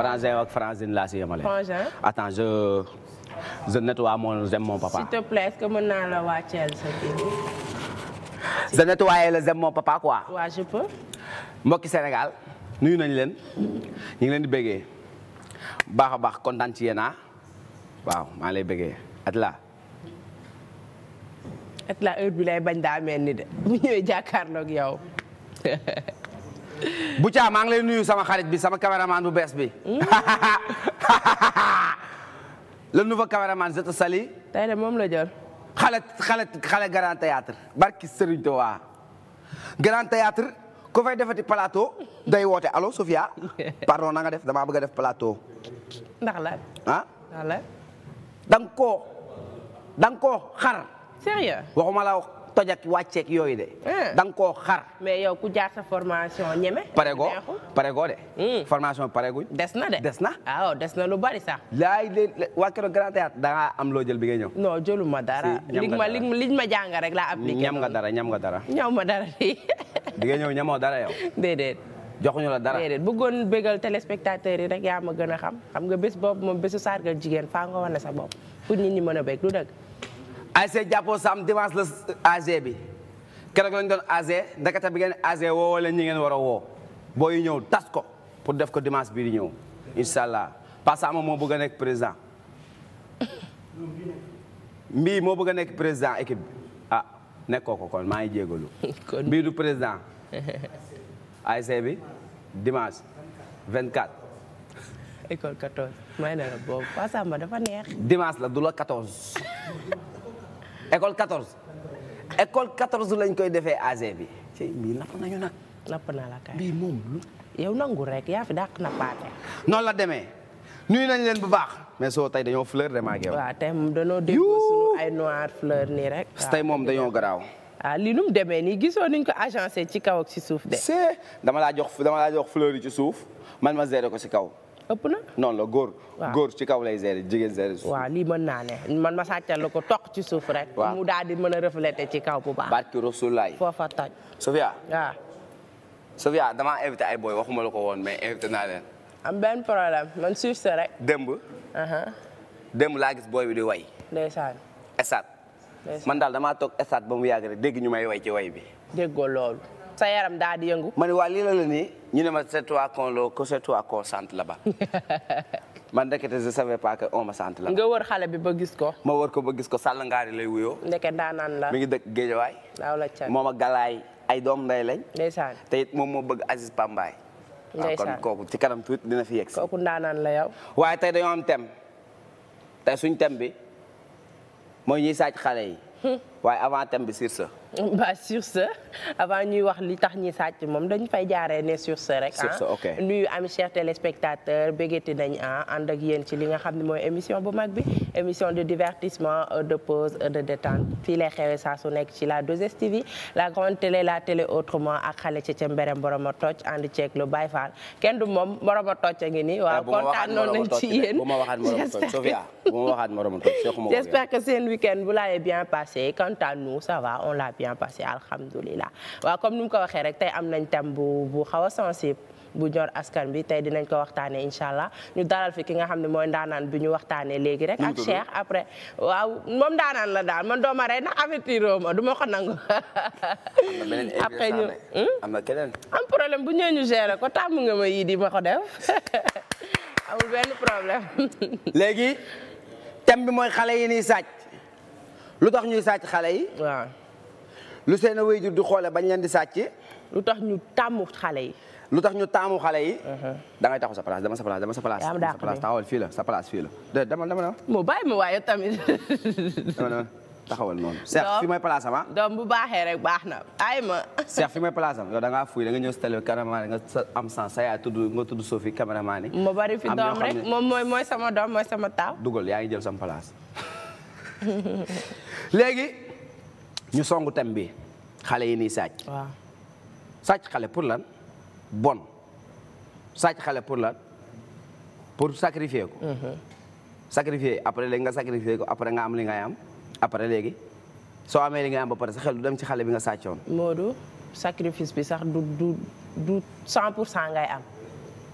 Frangin ak Frangine laa si yemale. Frangin je je nettoie mon j'aime papa. s'il te plaît est papa quoi. mbokki Sénégal nuyu nañ leen ñu ngi leen baax a baax kontaan ci yéen ah. waaw maa lay bëggee at la at la heure bañ daa mel ni de bu ñëwee jàkkaarloog yow. bu caa maa ngi lay nuyu sama xarit bi sama caméraman bu bees bi. le nouveau caméraman je te salue. tey de moom la jël. xale xale xale grand théâtre barki Serigne Touba grand théâtre ku fay defati plateau day woote allo Sofia pardon na nga def damaa bëgg a def plateau. ndax la ah. ndax xar. sérieux waxuma la toj ak wàcceeg yooyu de. Eh. da nga koo xar. mais yow ku jaar sa formation ñeme. pare goo pare goo de. Hmm. formation pare guñ. des na de des na. waaw ah, des na lu bari sax. laay de waa keroog grand théâtre da ngaa am loo jël bi ngay ñëw. non jëluma dara. li ma li ma jàng rek laa appliqué. ñam nga dara ñam nga dara. ñam ma dara de. bi ngay ñëw ñamoo dara yow. déedéet. joxuñu la dara déedéet bëggoon bégal téléspectateurs yi rek yaa ma gën a xam xam nga bés boobu moom bésu sargal jigéen faa nga wane sa bopp pour nit ñi mën a bég lu dëgg ASC jàppoo saam dimanche la AG bi keroog lañ doon AG ndakate bi ngeen AG woo wala ñi ngeen war a woo booy ñëw tas ko pour def ko dimanche bii di ñëw incha allah parce que ama moo bëgg nekk président mbii moo bëgg a nekk président équipe bi ah nekkoo ko kon maa ngi jégalu mbii du président ASC bi dimanche 24 école 14 may na la boobu dafa neex dimanche la du la 14 école 14 école 14 lañ koy defee AG bi ci bii napp nañu nag napp na la kay bii moom lu yow nangu rek yaa fi dàq nappaate noonu la demee nuyu nañ leen bu baax mais soo tey dañoo fleur de maag yow waaw tey moom dañoo déggoo suñu nii rek tey moom dañoo garaaw ah li nu demee nii gisoo niñ ko agencé ci kaw ak ci suuf de c'est dama laa jox dama laa jox fleur ci suuf man ma géré ko ci kaw ëpp na noonu la góor góor ci kaw lay gérer jigéen gérer suuf waaw lii mën naa ne man ma sàccal la ko toq ci suuf rek mu daal di mën a refléter ci kaw bu baax barki Rasulaay foofa toj Sofia waaw Sofia damaa invité ay booy waxuma la ko woon mais invité naa leen am benn problème man suuf sa rek démb uh-huh. démb laa gis booy bi di way ndeysaan esat daal damaa toog esat ba mu yàgg rek ñu may way ci way bi déggoo loolu sa yaram daa di yëngu. ma ne waa lii la ñu ne ma c'est toi qu'on le que c'est toi qu'on sent man ndekete je savais pas que on ma sant la. nga wër xale bi ba gis ko. ma war ko ba gis ko Sall Ngaari lay wuyoo. ndeket daanaan mi ngi dëkk Géejawaay. moom a Galaay ay doom lay lañ. ndeysaan te moom moo bëgg Aziz Pambaay. ndeysaan kon ci kanam tuuti fi yegg si. kooku ndaanaan la yow. waaye tey dañoo am thème tey suñ thème bi mooy ñuy sàcc xale yi. Hmm. waaye avant thème bi sur ça. ba sur ce avant ñuy wax li tax ñi sàcc moom dañ fay jaaree ne sur ce rek ah nuyu am chers téléspectateurs bégéti nañ ah ànd ak ci li nga xam ne mooy émission bu mag bi émission de divertissement de pause de détente fi lay xewee sa su nekk ci la 2STV la grande télé la télé autrement ak xale ci ca mberem boroma tocc ànd ceeg lu Baye Fall kenn du moom boroma tocc a ngi nii waaw kontaan ah, noonu ma waxaat moroma tocc Sophia bu ma waxaat moroma tocc j'espère que seen week-end vous l'avez bien passé alhamdulilah waa comme ni mu ko waxee rek tey am nañ thème bu bu xaw a sensible bu ñor askan bi tey dinañ ko waxtaanee incha allah ñu dalal fi ki nga xam ne mooy ndaanaan bi ñu waxtaanee léegi rek. ak Cheikh après waaw moom ndaanaan la daal man dooma rey na avertiroo ma du ma ko nangu. après ñu hmm? am na keneen am problème bu ñëwee ñu gérer ko tàmm nga ma yii di ma ko def amul benn problème. léegi thème bi mooy xale yi ñuy sàcc lu tax ñuy sàcc xale lu seen a wéyjur di xoole bañ leen di sàcc. lu tax ñu tàmmu xale yi. lu tax ñu taamu xale yi. Uh-huh. da ngay sa place dama sa place dama sa place. yaa am sa place taxawal la sa place la. déedéet dama dama dama. moo bàyyi ma waaye tamit. dama dama taxawal noonu. Seex fi may place am ah. bu baaxee rek baax na ay ma. Seex fi may place am da ngaa fuy da nga ñëw si télé cameraman nga am sens sa yaa tudd nga tudd Sophie cameraman yi. ma bari fi doom rek moom mooy mooy sama doom mooy sama taaw. dugal yaa ngi jël sama place. ñu songu thème bi xale yi nii sàcc. waaw sàcc xale pour lan bon sàcc xale pour lan pour sacrifier ko. Mhm. sacrifier après léegi nga sacrifier ko après nga am li ngay am après léegi soo amee li ngay am ba pare sa xel du dem ci xale bi nga sàccoon. Modou sacrifice bi sax du du du 100 pour cent ngay am.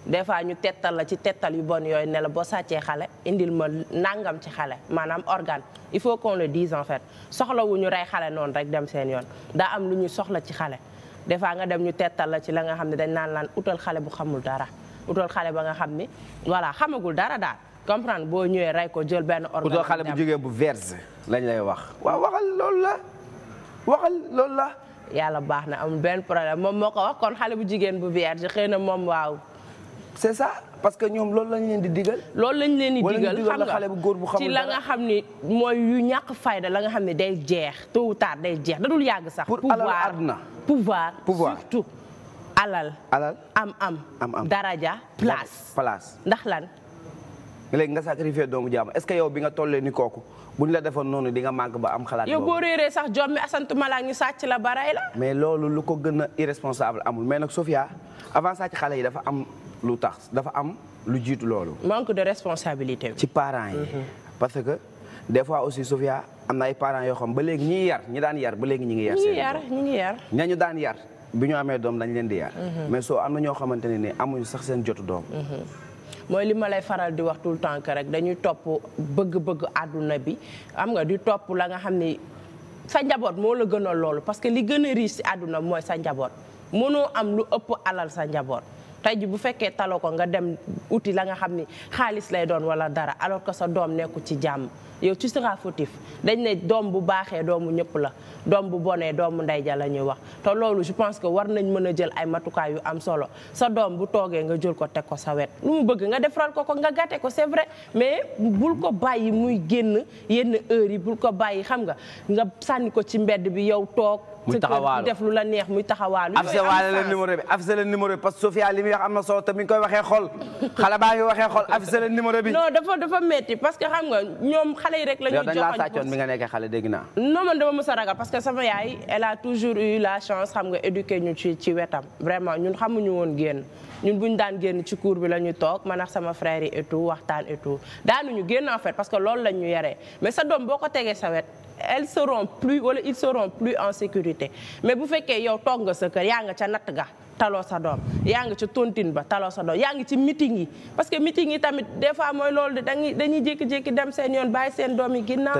des fois ñu tetal la ci tetal yu bon yooyu ne la boo sàccee xale indil ma nangam ci xale maanaam organ il faut qu'on le dise en fait soxlawuñu rey xale noonu rek dem seen yoon daa am lu ñu soxla ci xale des fois nga dem ñu tettal la ci la nga xam ne dañ naan laan utal xale bu xamul dara utal xale ba nga xam ni voilà xamagul dara daal comprendre boo ñëwee rey ko jël benn organe utal bu jógee bu verse lañ lay wax waaw waxal loolu la waxal loolu la yàlla baax na amul benn problème moom moo ko wax xale bu jigéen bu vierge xëy na moom waaw c'est ça parce que ñoom loolu lañ leen di digal. loolu lañ leen di digal xam nga xale bu góor bu xamul la nga xam ni mooy yu ñàkk fayda la nga xam ne day jeex tôt ou tard day jeex da dul yàgg sax. pour alal àdduna pouvoir pouvoir surtout alal. alal am am. am am daraja place. place ndax lan. léegi nga sacrifié doomu jaamu est-ce que yow bi nga tollee ni kooku buñ la defoon noonu di nga màgg ba am xalaat. yow boo réeree sax jom mi asantuma la ñu sàcc la baray la. mais loolu lu ko gën a irresponsable amul mais nag Sofia avant sàcc xale yi dafa am. lu tax dafa am lu jiitu loolu. manque de responsabilité ci parents yi. Mhm. parce que des fois aussi Sofia am na ay parents yoo xam ba léegi ñi yar ñi daan yar ba léegi ñi ngi yar. seen yar ñi daan yar bu ñu amee doom dañ leen di yar. Mhm. mais soo am na ñoo xamante ne ni amuñu sax seen jotu doom. Mhm. mooy li ma lay faral di wax tout le temps rek dañuy topp bëgg-bëgg àdduna bi am nga di topp la nga xam ni sa njaboot moo la gënal loolu parce que li gën a riche si adduna mooy sa njaboot mënoo am lu ëpp alal sa njaboot. tey ji bu fekkee taloo ko nga dem wuti la nga xam ni xaalis lay doon wala dara alors que sa doom nekku ci jàmm yow tu seras fautif dañ ne doom bu baaxee doomu ñëpp la doom bu bonee doomu ndey ja la ñuy wax te loolu je pense que war nañ mën a jël ay matukaay yu am solo sa doom bu toogee nga jël ko teg ko sa wet lu mu bëgg nga def ral ko ko nga gate ko c'est vrai mais bul ko bàyyi muy génn yenn heures yi bul ko bàyyi xam nga nga sànni ko ci mbedd bi yow toog muy taxawaalu def lu la muy taxawaalu. afse waale la numéro bi afse la numéro bi parce que Sofia li muy wax am na solo te mi ngi koy waxee xol xale baa ngi waxee xol afse la numéro bi. non dafa dafa parce que xam nga ñoom xale yi rek. la ñuy joxoon yow dañ laa nga xale dégg naa. non parce que sama yaay elle a toujours eu la chance xam nga éduquer ñu ci wetam vraiment ñun xamuñu woon génn. ñun bu ñu daan génn ci cour bi la ñu toog man ak sama frère yi waxtaan et tout ñu génn en fait parce que loolu la ñu yaree mais sa doom boo ko tegee sa wet elles seront plus wala ils seront plus en sécurité mais bu fekkee yow toog nga sa kër yaa nga ca natt ga taloo sa doom yaa ngi ci tontin ba taloo sa doom yaa ngi ci meeting yi parce que meeting yi tamit des fois mooy loolu dañuy dañuy jékki-jékki dem seen yoon bàyyi seen doom yi ginnaaw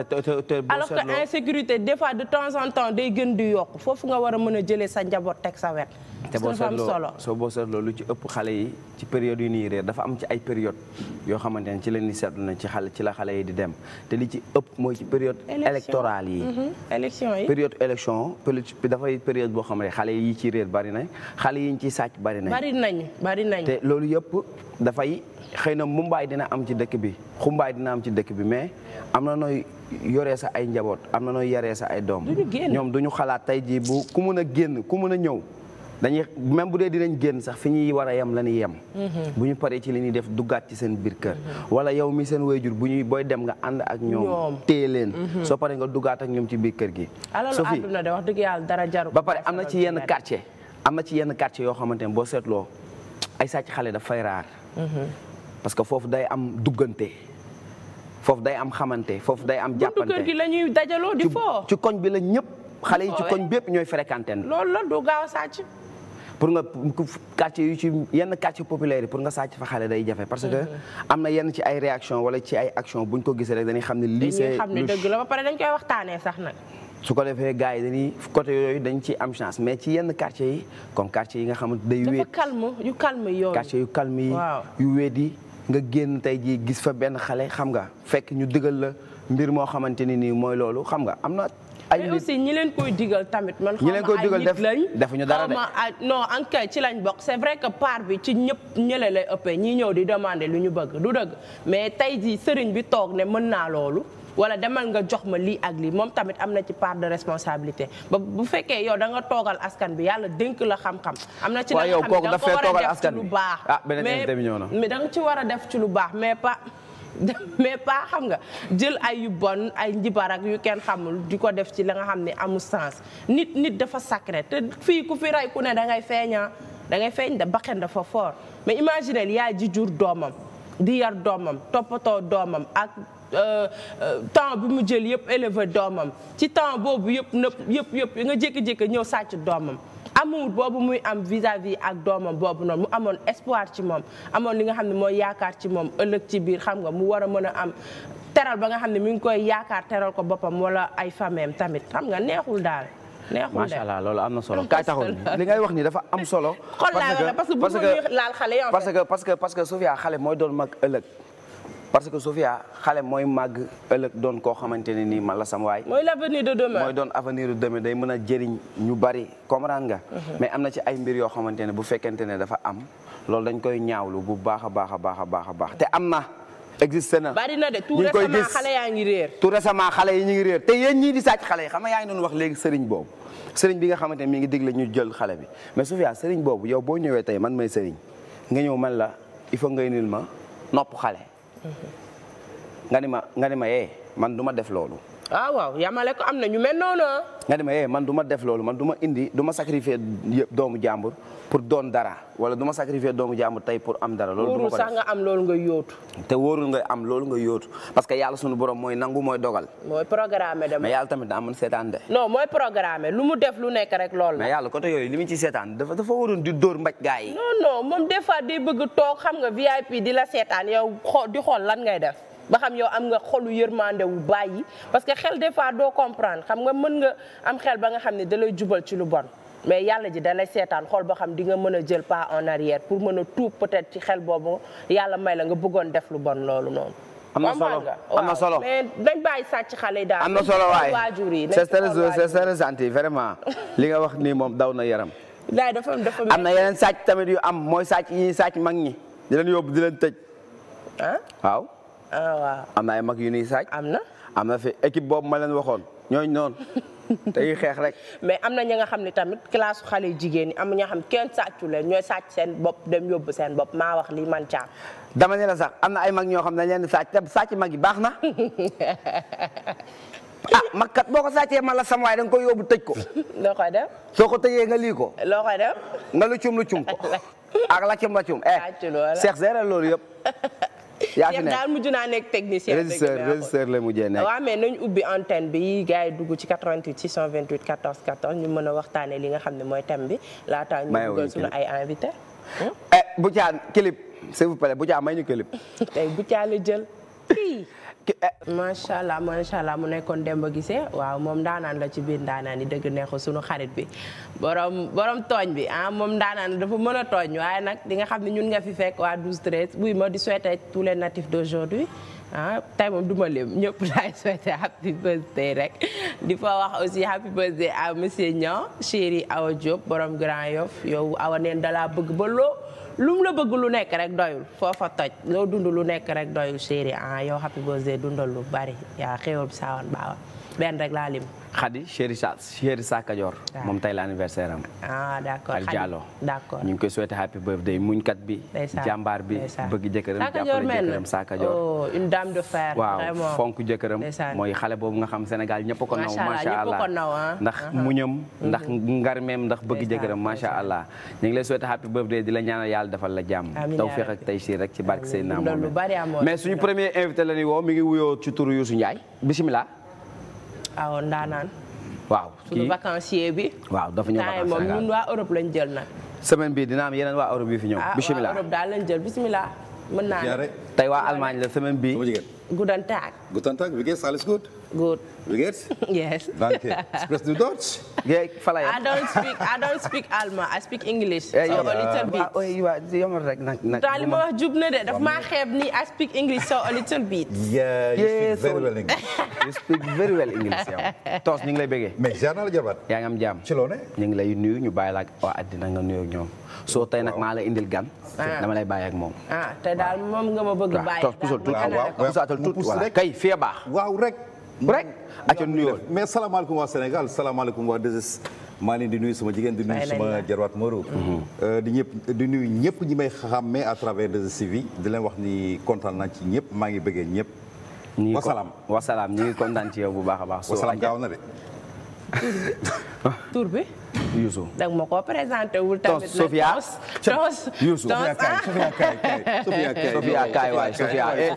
alors que insécurité des fois de temps en temps day gën di yokk foofu nga war a mën a jëlee sa njaboot teg sa wet te boo seetloo soo boo seetloo lu ci ëpp xale yi ci période yi nii réer dafa am ci ay période yoo xamante ne ci la ñuy seetlu na ci xale ci la xale yi di dem te li ci ëpp mooy ci période électorale yi mm-hmm. élection yi période élection dafay période boo xam ne xale yi ci réer bari na yiñ ci sàcc bari nañ bari nañ bari nañ te loolu yëpp dafay xëy na mumbaay dina am ci dëkk bi xumbaay dina am ci dëkk bi mais am na nooy yoree sa ay njaboot am na nooy yaree sa ay doom ñoom duñu xalaat tey jii bu ku mën a génn ku mën a ñëw dañuy même bu dee dinañ génn sax fi ñuy war a yem la ñuy yem mhm. bu ñu paree ci li ñuy def duggaat ci seen biir kër mhm. wala yow mi seen wayjur bu ñuy booy dem nga ànd ak ñoom téye leen mhm. soo paree nga ñoom ci biir kër gi ah, Sophie ba pare am na ci yenn quartier am na ci yenn quartier yoo xamante ne boo seetloo ay sàcc xale daf fay raar. Mhm. parce que foofu day am duggante. foofu day am xamante foofu day am. jàppante la ñuy dajaloo di foo ci koñ bi la ñëpp. xale yi ci koñ eh. bépp ñooy fréquenté na. loolu la gaaw a sàcc. pour nga quartier yu ci yenn quartier populaire yi pour nga sàcc fa xale day jafe. parce que mhm. am na yenn ci ay réaction wala ci ay action buñ ko gisee rek dañuy xam ne. lii c'est dañuy xam ne dëgg pare dañ koy waxtaanee sax nag. su ko defee gars yi dañuy côté yooyu dañ ci am chance mais ci yenn quartier yi comme quartier yi nga xamante day wéet dafa calme yu calme yooyu quartier yu calme yi yu wéet yi nga génn tey jii gis fa benn xale xam nga fekk ñu digal la mbir moo xamante ni nii mooy loolu xam nga am na ay mais aussi ñi leen koy digal tamit man. ñi leen koy digal def defuñu dara de non en ci lañ bokk c'est vrai que part bi ci ñëpp ñële lay ëppee ñi ñëw di demander lu ñu bëgg du dëgg mais tey jii sëriñ bi toog ne mën naa loolu. wala demal nga jox ma lii ak lii moom tamit am na ci part de responsabilité bu fekkee yow da nga toogal askan bi yàlla dénk la xam-xam am na ci da nga xam da nga ko war a def ci lu baax ah, mais da nga war a def ci lu baax mais pas mais pas xam nga jël ay yu bon ay njibar ak yu kenn xamul di ko def ci la nga xam ne amul sens nit nit dafa sacré te fii ku fi rey ku ne da ngay feeñaa da ngay feeñ ah. da baqen dafa fort mais imaginez yaay ji jur doomam di yar doomam toppatoo doomam ak Euh, euh, temps bu mu jël yëpp élever doomam ci temps boobu yëpp nëpp yëpp yëpp nga jékki-jékki ñëw sàcc doomam amuwut boobu muy am vis-à-vis ak doomam boobu noonu mu amoon espoir ci moom amoon li nga xam ne mooy yaakaar ci moom ëllëg ci biir xam nga mu war a mën a am teral ba nga xam ne mu ngi koy yaakaar teral ko boppam wala ay fameem tamit xam nga neexul daal neexul macha allah loolu am na solo kaay taxaw li ngay wax ni dafa am solo. parce que parce que parce que parce que Sofia xale mooy doon mag ëllëg. parce que Sofia xale mooy màgg ëllëg doon koo xamante ne nii man la sam waay. mooy l'avenir mooy doon avenir de demain day mën a jëriñ ñu bari comprendre nga. Mhm. mais am na ci ay mbir yoo xamante ne bu fekkente ne dafa am loolu dañ koy ñaawlu bu baax a baax a baax a baax a baax te am na. existé na bari na de tout récemment xale yaa ngi réer tout récemment xale yi ñu ngi réer te yéen ñii di sàcc xale yi xam nga yaa ngi doon wax léegi sëriñ boobu sëriñ bi nga xamante ne mi ngi digle ñu jël xale bi mais Sofia sëriñ boobu yow boo ñëwee tey man may sëriñ nga ñëw man la il faut nga indil ma nopp xale nga ni ma nga ni ma yee eh, man du def loolu ah waaw yamale ko am na ñu mel noonu ah. nga dem ma eh man duma def loolu man duma indi duma ma sacrifier doomu jàmbur pour doon dara wala du ma sacrifier doomu jàmbur tey pour am dara. loolu du am loolu nga yóotu. te wóorul nga am loolu nga yóotu parce que yàlla sunu borom mooy nangu mooy dogal. mooy programme dama mais yàlla tamit daa mën seetaan de. non mooy programme lu mu def lu nekk rek loolu na yàlla côté yooyu li mu ci seetaan dafa dafa waroon di dóor mbaj gaa yi. non non moom des day bëgg toog xam nga VIP di la seetaan yow di xool lan ngay def. ba xam yow am nga xolu yërmande wu bàyyi parce que xel des fois doo comprendre xam nga mën nga am xel ba nga xam ni da lay jubal ci lu bon mais yàlla ji da lay seetaan xool boo xam di nga mën a jël pas en arrière pour mën a tuub peut-être ci xel boobu yàlla may la nga bëggoon def lu bon loolu noonu. am na solo am na solo mais dañ bàyyi sàcc xale yi daal. am na solo waaye waajur yi c'est très c'est très vraiment li nga wax nii moom daw na yaram. laay dafa dafa am na yeneen sàcc tamit yu am mooy sàcc yi ñuy mag ñi di leen yóbbu di leen tëj. Ah? waaw. waaw am na ay mag yu nuy saaj. am na am na fi équipe boobu ma leen waxoon ñooñu noonu. tey xeex rek. mais am na ñi nga xam ne tamit classe xale jigéen ñi am na ñoo xam kenn sàccu leen ñooy sàcc seen bopp dem yóbbu seen bopp maa wax lii man caam. dama ne la sax am na ay mag ñoo xam ne dañ leen di sàcc te sàcc mag yi baax na. a ah, mag kat boo ko sàccee ma la sam waaye da nga koy yóbbu ko. loo koy def. soo ko tëjee nga ko. loo koy nga lu cum lu cum ko. ak la cum la cum. sàcc loola eh seex seeral loolu yëpp. yaa fi ne daal mujj naa nekk technicien. régisseur régisseur la mujjee nekk. waaw mais nañu ubbi antenne bi gars yi dugg ci 88 628 14 14 ñu mën a waxtaanee li nga xam ne mooy thème bi. laataa ñu dugal suñu ay invité. Hmm? Eh, bu caa clip s'il vous plaît bu caa may ñu clip. tey bu caa la jël. Eh, macha allah macha allah mu nekkoon Demba Guissé waaw moom ndaanaan la ci biir ndaanaan yi dëgg neexu sunu xarit bi borom borom tooñ bi ah moom ndaanaan dafa mën a tooñ waaye nag di nga xam ne ñun nga fi fekk waa 12 13 buy ma di souhaiter tous les natifs d'aujourd'hui ah tey moom du ma lim ñëpp laay souhaiter happy birthday rek di fa wax aussi happy birthday à monsieur Niang chéri Awa Diop borom Grand Yoff yow awa neen dalaa bëgg ba loo lu mu la bëgg lu nekk rek doyul foofa toj loo dund lu nekk rek doyul chéri ah yow happy birthday dundal lu bari yaa xéwal saawan baawan benn rek laa lim. moom tey la anniversaire am. ah d' accord Khady ñu ngi koy souhaité happy birthday kat bi. jàmbaar bi bëgg jëkkëram jàppale jëkkëram sa Kajoor. oh une de fer. waaw fonk jëkkëram. mooy xale boobu nga xam Sénégal ñëpp ko naw. macha allah ñëpp ko naw ah. ndax uh-huh. muñam. ndax mm-hmm. ngarmeem ndax bëgg jëkkëram macha allah. ñu ngi lay souhaité happy birthday di la ñaanal yàlla defal la jàmm. amiin tawfeex tey taysiir rek ci barke Seydina Mohamed mais suñu premier invité la ni woo mi ngi wuyoo ci turu Youssou Ndiaye bismillah waaw ndaanaan. waaw kii suñu vacancier bi. waaw dafa ñëw vacances moom waa Europe lañ jël na semaine bii dina am yeneen waa Europe yu fi ñëw. bisimilah ah waa Europe daal lañ jël bisimilah. mën naa ne tey waa Allemagne la semaine bii. gudantaak Guten Tag, wie geht's? Alles gut? Gut. Wie geht's? Yes. Danke. Sprichst du Deutsch? Yeah, fala I don't speak, I don't speak Alma, I speak English. Yeah, so yeah. a little bit. Waaw waaw yomal rek nag nag. daal li ma wax jub na de daf maa xeeb ni I speak English so a little bit. yeah, you speak very well English. you speak very well English yow. Tos ñu ngi lay bëggee. mais ziar naa la jabaat. yaa ngi am jàmm. ci loone. ñu ngi lay nuyu ñu bàyyi la ak waa àddina nga nuyoo ak ñoom. soo tey nag maa la indil gan. Ah. dama lay bàyyi ak moom. ah te daal moom nga ma bëgg bàyyi. Ah, waaw tos puso tuuti waaw waaw puso atal tuuti voilà kay. fee baax. waaw rek. rek nu nuyool mais salaamaaleykum waa Sénégal salaamaaleykum waa 2S maa leen di nuyu sama jigéen di nuyu sama jarwaat Moro mhm. euh, di ñëpp di nuyu ñëpp ñi may mais à travers 2STV di leen wax ni kontaan naa ci ñëpp maa ngi bëggee ñëpp wasalaam wasalaam ñu ngi kontaan ci yow bu baax a baax wasalaam gaaw na tur bi. Youssou da nga ma ko présenté wul Sofia tos Youssou Sofia Kaye Sofia Kaye Sofia Kaye Sofia Kaye waay Sofia eh.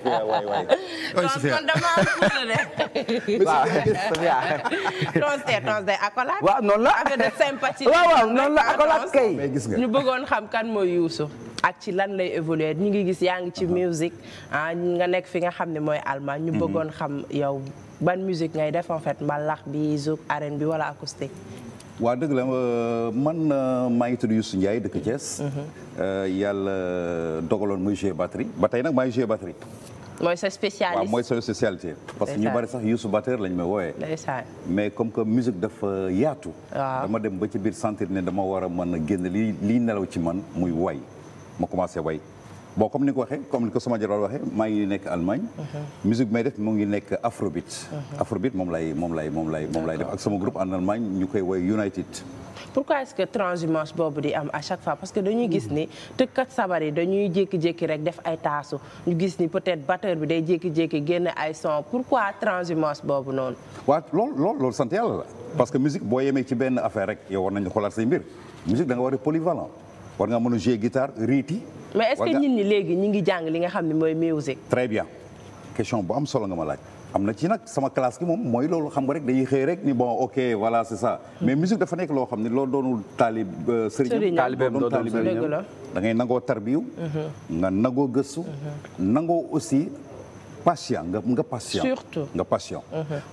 de. te tos de accolade. waaw noonu sympathie. waaw waaw la accolade kay. ñu bëggoon xam kan mooy Youssou. ak ci lan lay évoluer ñu ngi gis yaa ngi ci uh-huh. musique ah nga nekk fi nga xam ne mooy allemand. ñu mm-hmm. bëggoon xam yow. ban musique ngay def en fait mbaa làq bi zouk arène bi wala acoustique. waa dëgg la euh, man euh, maa ngi tudd Youssou Ndiaye dëkk Thiès. Mhm. Euh, yàlla dogaloon muy jouer batterie ba tey nag maa ngi jouer batterie. mooy sa spécialité mooy sa spécialité. parce que ñu bari sax Youssou batteur lañ may wooyee. mais comme que musique dafa yaatu. dama dem ba ci biir sentir ne dama war a mën a génn lii lii nelaw ci man muy way ma commencé way. boo comme ni ko waxee comme ni ko sama jaral waxee maa ngi nekk Allemagne. Mhm. musique may def mu ngi nekk Afrobeat. Mhm. Afrobeat moom lay moom lay moom lay moom lay def ak sama ñu koy woy United. pourquoi est que transhumance boobu di am à chaque fois que dañuy gis ni tëkkat sabar yi dañuy jékki-jékki rek def ay taasu ñu gis ni peut-être batteur bi day jékki-jékki génn ay son pourquoi transhumance boobu noonu. waaw lool lool loolu sant la. parce que musique boo yemee ci benn affaire rek yow war nañu xoolaat say mbir. musique da nga war a polyvalent war nga mën a jouer guitare riiti. mais est-ce que nit ñi léegi ñi ngi jàng li nga xam ne mooy musique très bien question bu am solo nga ma laaj am na ci nag sama classe gi moom mooy loolu xam nga rek dañuy xëy rek ni bon ok voilà c'est ça hmm. mais musique dafa nekk loo xam ne loolu doonul taalib euh, sëriñ taalibeem doon taalibeem da ngay nangoo tarbiyu hmm. nga nangoo gëstu hmm. nangoo aussi patient nga nga patient nga patient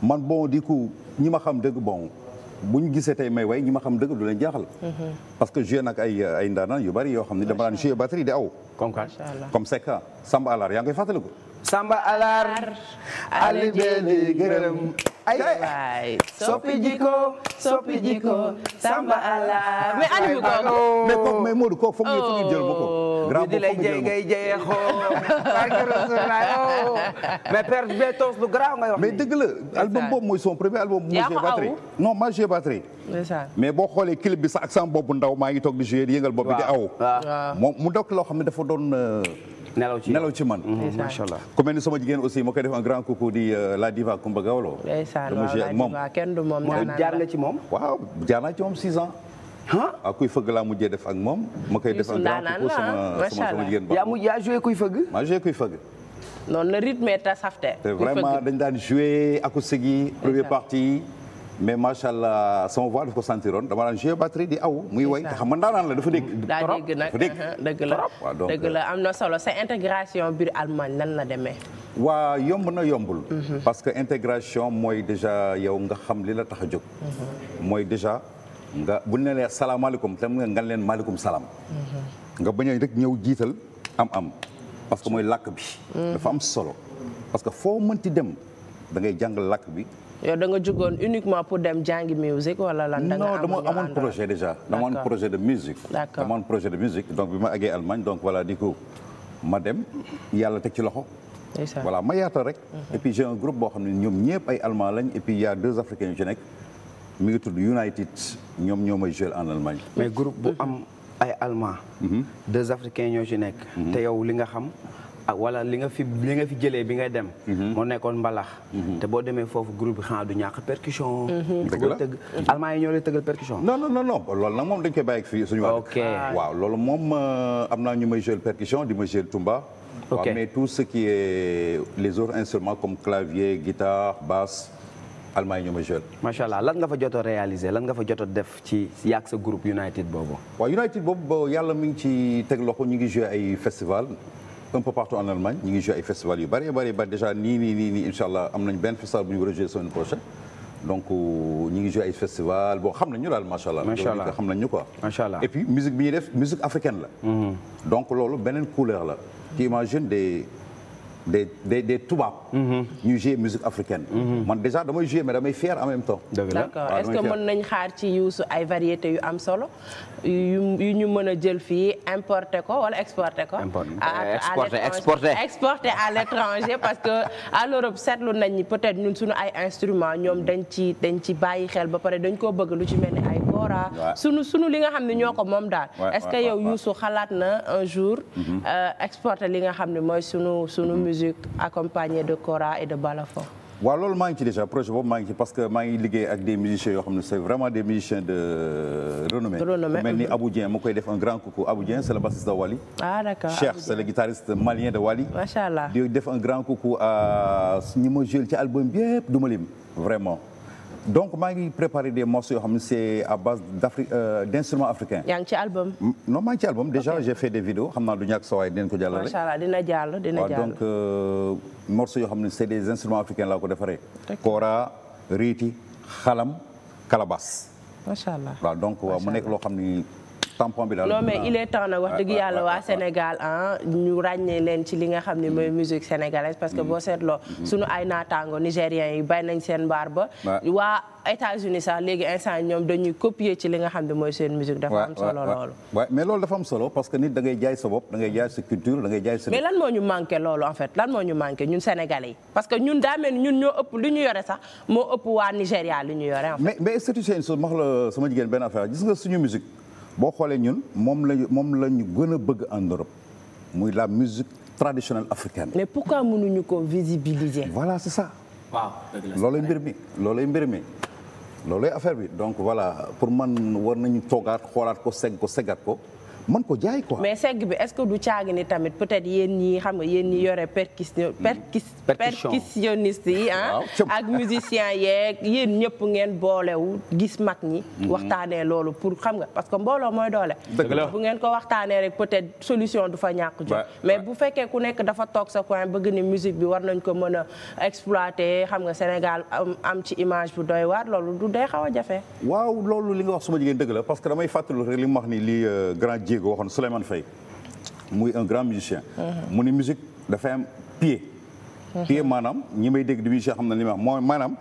man bon di ko ñi ma xam dëgg bon bu ñu gisee tey may way ñi ma xam dëgg du leen jaaxal. Mhm. parce que joué nag ay ay ndaanaan yu bari yoo xam ne dama daan joué batterie di aw. comme ça comme Seck Samba Alar yaa ngi koy fàttaliku. samba alar ali jeli gërëm ay waay soppi jiko soppi samba alar mais ani mu ko mais kooku mais Modou kooku foog ñu foog ñu jël di dëgg la album boobu mooy son premier album mu j'ai batterie non ma j'ai batterie mais boo xoolee clip bi sax ak sama bopp ndaw maa ngi toog di jouer di bi di aw mu dokk loo xam ne dafa doon euh, nelaw ci nelaw ci man. macha allah ku jigéen aussi def un grand coucou di euh, la diva Kumba Gawlo. ndeysaan moom kenn du moom jaar nga ci moom. waaw jaar naa ci moom 6 ans. ah kuy fëgg laa mujjee def ak moom. ma koy def un grand coucou sama sama jigéen ba. yaa mujj yaa joué kuy fëgg. maa joué kuy fëgg. noonu la ta safte. vraiment dañ daan joué acoustique yi première partie. mais macha allah sama voix daf ko sentiroon dama daan joué batterie di aw. muy way te xam nga la dafa dégg. trop dafa dégg uh-huh, dëgg la euh, am na solo sa intégration biir Allemagne nan la demee. waa yomb na yombul. Mm-hmm. parce que intégration mooy déjà yow nga xam li la tax a jóg. Mm-hmm. mooy déjà nga bu ne leen salaamaaleykum tam nga ngan leen maaleykum salaam. Mm-hmm. nga bañ a rek ñëw jiital am-am. parce que mooy lakk bi. dafa am solo. parce que foo mënti dem da ngay jàng làkk bi. yow da nga jugoon uniquement pour dem jàngi musique wala lan. da nga amoon non projet de musique. dama amoon projet de musique donc bi ma Allemagne donc voilà di ma dem yàlla ta ci loxo. voilà ma yaatal rek. Mhm. et puis j'ai groupe boo xam ne ñoom ñëpp ay allemand lañ et puis il y a deux mi ngi tudd United ñoom ñoo may jouer en Allemagne. mais groupe bu am ay allemand. Mhm. deux africains ñoo ci nekk. Mhm. te yow li nga xam. ak wala li nga fi li nga fi jëlee bi ngay dem mhm. moo nekkoon mbalax mhm. te boo demee foofu groupe bi xanaa du ñàkk percussion mhm. dëgg la tëgg allemand yi ñoo lay tëggal percussion non non no non loolu nag moom dañ koy bàyyi ak suñu wax waaw loolu moom euh, am naa ñu ma jël percussion di ma jël tumba mais tout ce qui est les autres instruments comme clavier guitare basse almaa yi ma jeune. macha allah lan nga fa jot a réaliser lan nga fa jot def ci yàgg sa groupe United boobu. waaw United boobu yàlla mi ngi ci teg loxo ñu ngi joué ay festival un peu partout en Allemagne ñu ngi joué ay festival yu bari bari bari déjà nii nii nii nii incha allah am nañ benn festival bu ñu war a joué semaine prochaine donc euh, ñu ngi joué ay festival boo xam nañu daal macha allah. macha allah xam nañu quoi. macha allah et puis musique bi ñuy def musique africaine la. Mhm. donc loolu beneen couleur la. tu imagines des des des des tubaab. Mhm. ñuy joué musique africaine. Mhm. man déjà damay joué mais damay fier en même temps. d'accord est-ce que mën nañ xaar ci yuusu ay variétés yu am solo. yu ñu mën a jël fii importer ko wala exporter ko. Euh, exporter exporter exporter à l'étranger parce que à l'Europe seetlu nañ ni peut-être ñun suñu ay instruments ñoom dañ ci dañ ci bàyyi xel ba pare dañ koo bëgg lu ci mel ay kora. sunu sunu li nga xam ne ñoo ko moom daal. est-ce que yow Youssou xalaat na un jour. Mm-hmm. Euh, exporter li nga xam ne mooy sunu sunu mm-hmm. musique accompagnée de coran et de balafon. waaw loolu maa ngi ci déjà projet boobu maa ngi ci parce que maa ngi liggéey ak des musiciens yoo musiciens de euh, renommée. renommée mel ni Abou Dieng ma koy def un grand coucou Abou Dieng c'est le bassiste de Wally. ah d'accord Cheikh c'est le guitariste malien de Wally. macha allah di def un grand coucou ci album bi yëpp du ma lim vraiment. donc maa ngi préparé des morceaux yoo xam ne c'est à base d'afri euh, d'instruments africains. yaa ngi ci album. non maa ngi ci album déjà j'ai fait des vidéos xam naa du ñàkk sa waay dinañ ko jàllale. macha allah dina jàll donc euh, morceaux yoo xam ne c'est des instruments africains laa ko defaree. kora riiti xalam kalabas. macha allah waaw donc waaw mu nekk loo xam ni. tampon bi daal non mais nag wax dëgg yàlla waa Sénégal ah ñu ràññee leen ci li nga xam ne mooy mm-hmm. musique sénégalaise parce que mm-hmm. boo seetloo mm-hmm. sunu ay naataango nigériens yi bay nañ seen mbaar ba waa États-Unis sax léegi instant ñoom dañuy copier ci li nga xam ne mooy seen musique dafa am solo loolu waaw loolu dafa solo parce que nit da ngay jaay sa bopp da ngay jaay sa culture da ngay jaay sa mais lan moo ñu manqué loolu en lan moo ñu manqué ñun Sénégalais ñun daa mel ni ñun ñoo ëpp li ñu yore li ñu ma gis nga suñu musique boo xoolee ñun moom lañu moom la ñu gën a bëgg en Europe muy la musique traditionnelle africaine. mais pourquoi mënuñu ko visibiliser. voilà c'est ça. waaw mbir mi loolay mbir mi loolay affaire bi donc voilà pour man war nañu toogaat xoolaat ko segg ko seggaat ko. mën ko jaay quoi. mais segg bi est-ce que du caagi ni tamit peut-être yéen ñi xam nga yéen ñi yore percussion mm. percussionniste yi ah ak musicien yeeg yéen ñëpp ngeen boolewu gis mag ñi mm-hmm. waxtaanee loolu pour xam nga parce que mbooloo mooy doole bu ngeen ko waxtaanee rek peut-être solution du fa ñàkk jot mais bu fekkee ku nekk dafa toog sa coin bëgg ni musique bi war nañ ko mën a exploiter xam nga Sénégal am ci image bu doy waar loolu du dee xaw a jafe waaw loolu li nga wax suma jéego waxoon Souleymane Faye muy un grand musicien mu ni musique dafay am pied pied maanaam ñi may dégg di musicien xam na li ma wax maanaam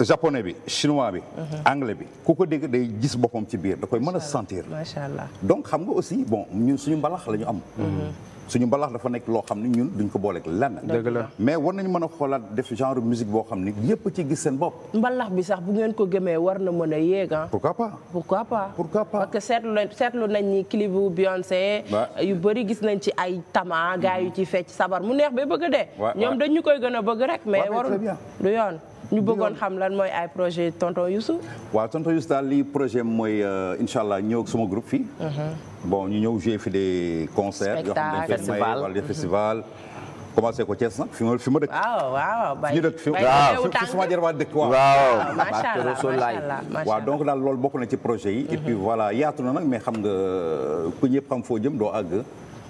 japonais bi chinois bi anglais bi ku ko dégg day gis boppam ci biir da koy mën a sentir macha allah donc xam nga aussi bon ñun suñu mbalax lañu am mm-hmm. suñu mbalax dafa nekk loo xam ni ñun duñ ko booleeg lenn. dëgg la mais war nañu mën a xoolaat def genre musique boo xam ni ñëpp ci gis seen bopp. mbalax bi sax bu ngeen ko gëmee war na mën a yéeg ah. pourquoi pas. pourquoi pas pas. parce que seetlu seetlu nañ ni clip bu Beyoncé. yu bëri gis nañ ci ay tama. yu mm. ci fecc sabar mu neex ba bëgg dee. ñoom dañ ñu koy gën a bëgg rek. mais warul du yoon. ñu bëggoon xam lan mooy ay projet tonton Youssou. waaw tonton Youssou daal lii projet mooy euh, incha allah ñëw ak sama groupe fii. Mhm. bon ñu ñëw jouer fi des concerts. spectacle festival yoo xam ne mhm. festival. commencé ko Thiès nag fi ma fi ma dëkk. waaw waaw bay fi suma jërë dëkk waaw. macha allah macha allah waaw donc daal loolu bokk na ci projet yi. et mhm. voilà yaatu na nag mais xam nga euh, ku ñëpp xam foo jëm doo àgg.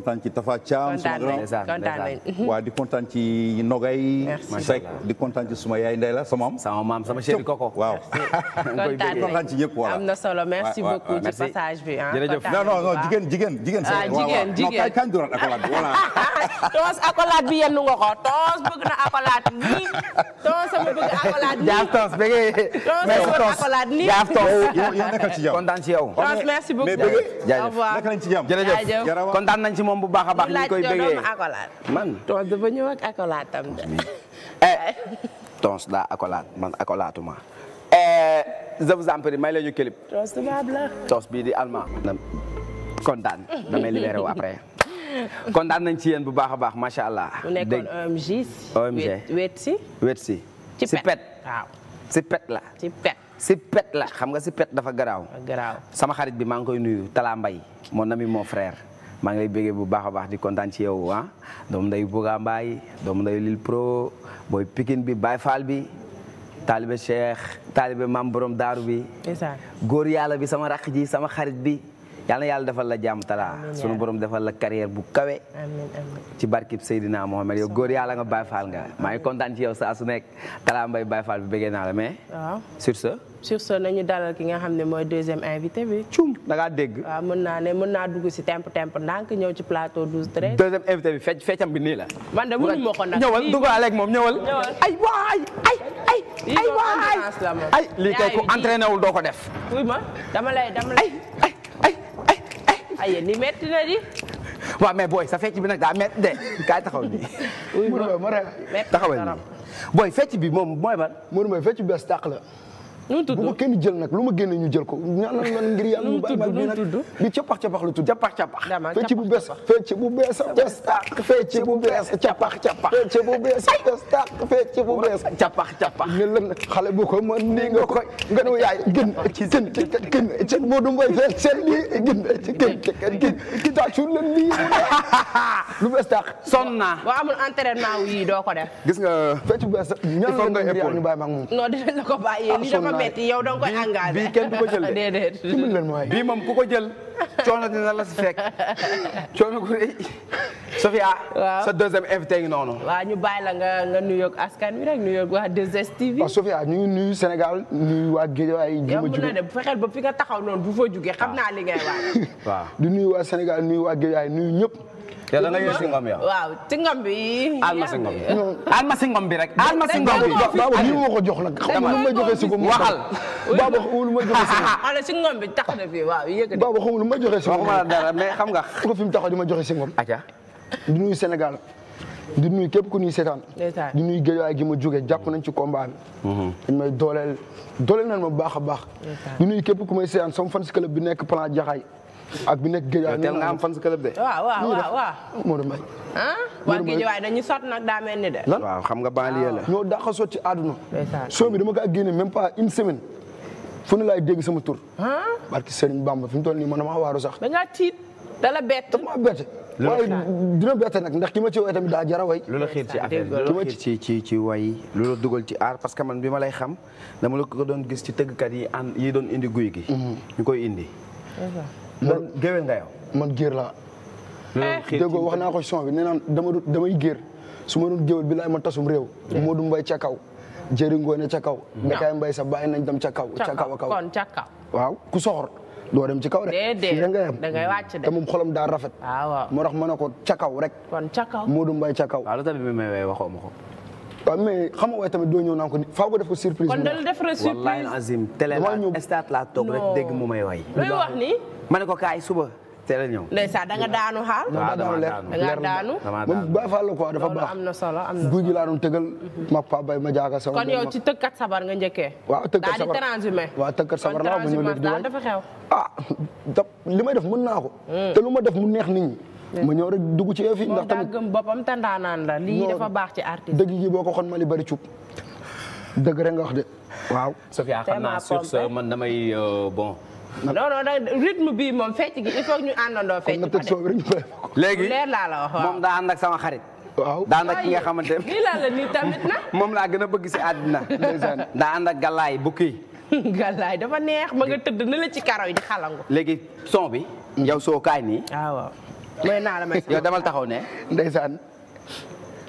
kontaan ci Tafa Thiam. waaw di kontaan ci Nogay. Seck di kontaan ci suma yaay Ndey la sama am. sama maam sama chéri koko. waaw kontaan ci ñëpp merci beaucoup ci passage bi. jërëjëf non non jigéen jigéen jigéen. ah jigéen jigéen kañ kañ doon voilà. toos accolade bi yenn nga ko toos accolade nii jaaf toos bëgg accolade nii. jaaf toos yow nekkal ci jàmm kontaan yow. toos kontaan nañ ci moom bu baax a baax. ñu koy bëggee man toos dafa accolade tam de. Eh, toos daa accolade man accolaatuma. Eh, je vous en prie may la ñu clip. bii di allemand. kontaan damay libéré wu après. kontaan nañ ci yéen bu baax a baax macha allah. mu nekkoon OMG. OMG wet si. wet si si pet si pet la. si pet si pet la xam nga si dafa garaaw. garaaw sama xarit bi maa ngi koy nuyu Talla Mbaye mon ami mon frère. maa ngi lay bu baax a baax di kontaan ci yow ah doomu ndeyu Bouga Mbaye doomu ndeyu Lil Pro booy Pikine bi Baye Fall bi taalibe Cheikh taalibe mam borom daaru bi. góor yàlla bi sama rakk ji sama xarit bi. yàlla na yàlla defal la jàmm tala sunu borom defal la carrière bu kawe ci barkib Seydina Mohamed yow góor yàlla nga Baye Fall nga maa ngi kontaan ci yow saa su nekk Talla Mbaye Baye Fall bi bëggee naa la mais waaw sur ce nañu dalal ki nga xam ne mooy deuxième invité bi cum da ngaa dégg waaw mën naa ne mën naa dugg si temp temp ndànk ñëw ci plateau 12 13 deuxième invité bi fecc feccam bi nii la man de mënu ma ko nag ñëwal dugal ak moom ñëwal ay waay ay ay ay waay ay lii def ay yéen ni métti na di. waaw mais booy sa fecc bi nag daa métti de kaay taxaw nii. oui ma taxawal nii booy fecc bi moom mooy man. Mourou Mbaye fecc bi bees tàq la. bu ko kenn jël nag lu ma génne ñu jël ko ñaanal lan ngir yàlla ñu bàyyi ma bi nag bi capax capax lu tudd capax capax fecc bu bees fecc bu bees tes tak fecc bu bees capax capax fecc bu bees tes tak fecc bu bees capax capax ne lan xale bu ko mën nii nga koy nga nu yaay gën ci gën ci gën ci Modou Mbaye fee seen lii gën ci gën ci gën ci tàccu leen lii lu bees tak sonn naa boo amul entraînement yi doo ko def gis nga fecc bu bees ñaan nga ñu bàyyi ma ak moom non dinañ la ko bàyyee ah, metti yow da nga koy engagé bii kenn ko jël déedéet bii moom ku jël coono dina la si fekk coono gu rëy Sofia sa deuxième invité ngi noonu waaw ñu bàyyi la nga nga nuyoog askan wi rek nuyoog waa 2STV waaw ah, Sofia ñu ngi nuyu Sénégal nuyu waa Guédiawaye gi ma jóge dem fexeel ba fi nga taxaw noonu bu fa jógee xam ah. naa li ngay wax waaw di nuyu waa Sénégal nuyu waa Guédiawaye nuyu ñëpp yow da nga yëy si ngom yow. waaw ci bi. aal bi rek. aal bi baaba lii ma ko jox na xam nga lu ma joxee si ko waxal. baaba xamul lu ma joxee si ngom. ala bi tax na fi baaba xamul lu ma joxee si ngom. waxuma fi mu taxaw di ma joxe si ngom. atia di nuyu Sénégal di nuyu képp ku ñuy seetaan. di nuyu géejawaay gi ma jógee jàpp nañ ci combat bi. Mhm. dañ may dooleel dooleel ma baax a baax. di nuyu képp ku may seetaan sama fan si club bi nekk plan jaxaay ak bi nekk géej teel nga am fans club de. waaw waaw waaw Modou Mbaye. ah waa géej waaye dañuy sot nag daa de. waaw xam nga banlieue la. ñoo dàqa sot ci àdduna. soo bi dama ko génne même pas une semaine. fu ne laay dégg sama tur. barki Serigne Bamba fi mu toll nii man damaa waaru sax. da ngaa tiit da la bett. dama bett waaye dina bett nag ndax ki ma ci woy daa jara way. lu la xiir ci affaire lu la ci ci ci aar parce que man bi ma lay xam dama la ko doon gis ci tëggkat yi ànd yi doon indi guy gi. Mhm. ñu koy indi. man géwél nga yow. man géer laa. Eh, déggoo wax naa ko son bi nee naan dama damay géer suma ma doon géwél bi laay ma tasum réew. Eh. Modou Mbaye ca kaw. Jëri ne ca kaw. Mbekay mbay sa bàyyi nañ dem ca kaw. ca kaw kon ca kaw. waaw ku soxor. doo dem ci kaw rek fii da ngay am da ngay wàcc de te moom xolam daa rafet. waaw moo tax ma ne ko ca kaw rek. kon ca kaw Modou Mbaye ca kaw. waaw loolu tamit mi ma ko. waaw mais xam nga waaye tamit doo ñëw naa ko faaw ko def ko surprise. kon dala def rek surprise wallaahi azim télé laa toog rek dégg mu may way. looy wax ni. ma ne ko kaay suba. teel a ñëw ndeysaan da nga daanu xaal. waaw dama daanu leer na daanu. moom bàyyi fa la quoi dafa am na solo am guy gi laa doon tëgal. Mhm. ma paa bay ma jaaga sama. kon yow ci tëkkat sabar nga njëkkee. waaw tëkkat sabar daal di transhumé. waaw tëkkat sabar laa ma ñëw léegi di waay daal ah li may def mun naa ko. Mm. te lu ma def mu neex nit ma ñëw rek dugg ci yëf yi ndax tamit gëm boppam tandaanaan la lii dafa baax ci artiste dëgg gi boo ko xon ma li bari cub dëgg rek de waaw Sofia xam naa sur ce man damay euh, bon non bii moom fecc gi il faut léegi leer laa la wax ki nga xamante moom laa gën a bëgg si àddina daa ànd ak galaay dafa neex ma tëdd na ci karo léegi son bi mm. yow soo kaay nii ah, may naa la may yow demal taxaw ne. ndeysaan.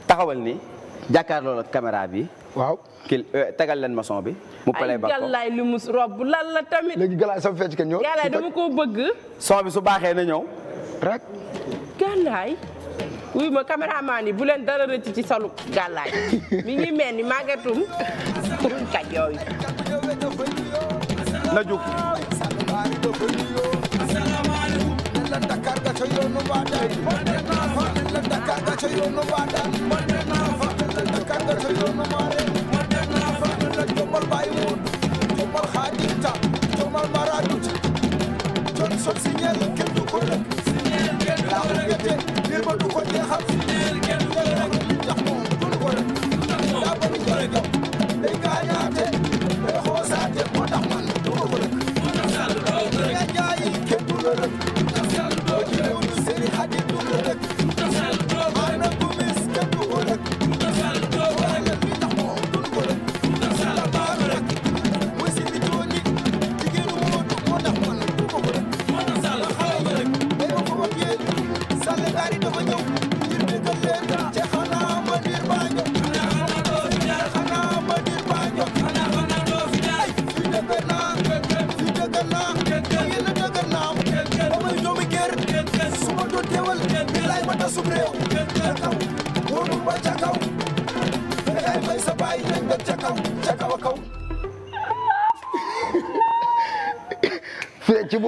taxawal ni. jàkkaarloo ak caméra bi. waaw kii euh, tegal leen maçon bi. mu palay ba ko ay gàllaay li mu rob lan la tamit. léegi gàllaay sama fecc ka ñëw. gàllaay dama koo bëgg. son bi su baaxee na ñëw. rek. gàllaay. wuy ma caméraman yi bu leen dara rëcc ci salu gàllaay mi ngi mel ni màggatum kàjjooy na jug bada bande na fa la dakka ga ca yoonu bada bande na fa la dakka ga ca yoonu mare bande na fa la jomal bayi woon jomal xaadita jomal maraduta jon sol signal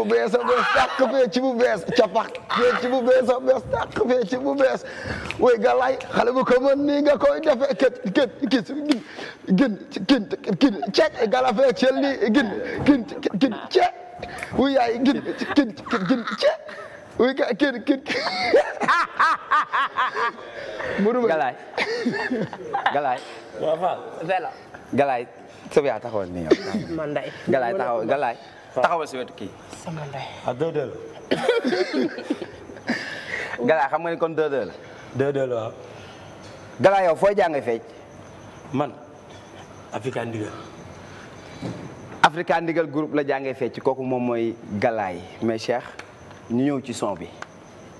bu bees a bees tàq bu bees capax fecc bu bees a bees tàq bu bees way galay xale bu nii nga koy defe kët kët kis gin gin gin cek gala fekk cel nii gin gin gin ce wu yaay gin gin gin nii yow. man day Galaay taxawal si wetu kii. sa ndey ah deux deux la. ni kon deux deux la. yow fooy jàng feej. man Africa Ndigal. Africa la jàngee fecc kooku moom mooy Galaay mais Cheikh ñu ñëw ci son bi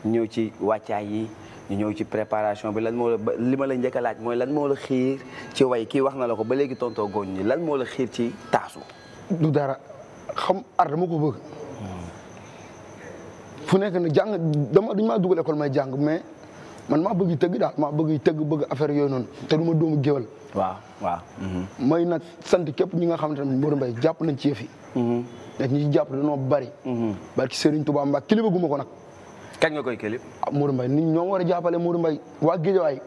ñëw ci wàccaay yi ñu ñëw ci préparation bi lan moo ma la njëkk laaj mooy lan moo la xiir ci way kii wax na la ko ba léegi tontoo góoñ ñi lan moo la xiir ci taasu. du dara. xam ar dama ko bëgg. fu nekk na jàng dama duñ maa dugal école may jàng mais man maa bëgg tëgg daal maa bëgg tëgg bëgg affaire yooyu noon te du ma doomu géwal. waaw waaw. Mhm. may nag sant képp ñi nga xamante ne Modou Mbaye jàpp nañ ci yëf yi. Mhm. nag ñi ci jàpp dañoo bari. Mhm. barki Serigne Touba Mbacke kilifa gu ma ko nag. kañ nga koy kilib. ah Modou Mbaye ñoo war a jàppale Modou Mbaye waa Guédiawaye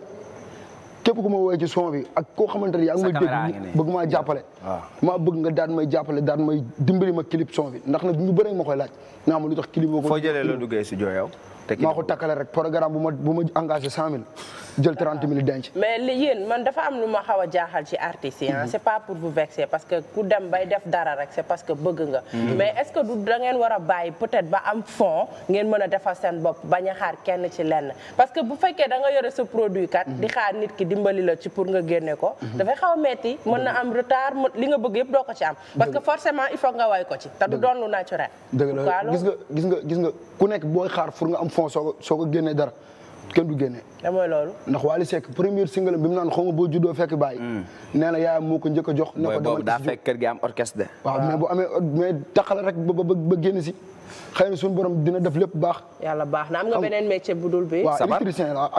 képp ku ma woowee ci son bi ak koo xamante ni yaa ngi may dégg bëgg maa jàppale ah. maa bëgg nga daan may jàppale daan may dimbali ma clip son bi ndax nag ñu bëri ma koy laaj naa ma lu tax clip boo ko foo jëlee la duggee si joo maa ko takkale rek programme bu ma bu ma jël trente mille denc. mais li man dafa am lu ma xaw a jaaxal ci artistes yi ah. Mhm. c' pas pour vous vexer parce que ku dem bay def dara rek c' est parce que bëgg nga. Mhm. mais est ce que du da ngeen war a bàyyi peut être ba am fond ngeen mën a defal seen bopp bañ xaar kenn ci lenn parce que bu fekkee da nga sa produit kat. Mhm. di xaar nit ki dimbali la ci pour fond soo ko soo ko génnee dara kenn du génne. te mooy loolu. ndax Wally Seck premier single bi mu naan xaw ma boo juddoo fekk bàyyi. Hmm. nee na yaayam moo ko njëkk a ne ko demal daa rek ba ba ba si. xëy na suñu borom dina def lépp baax. yàlla baax na am nga beneen métier bu dul bi. waaw électricien la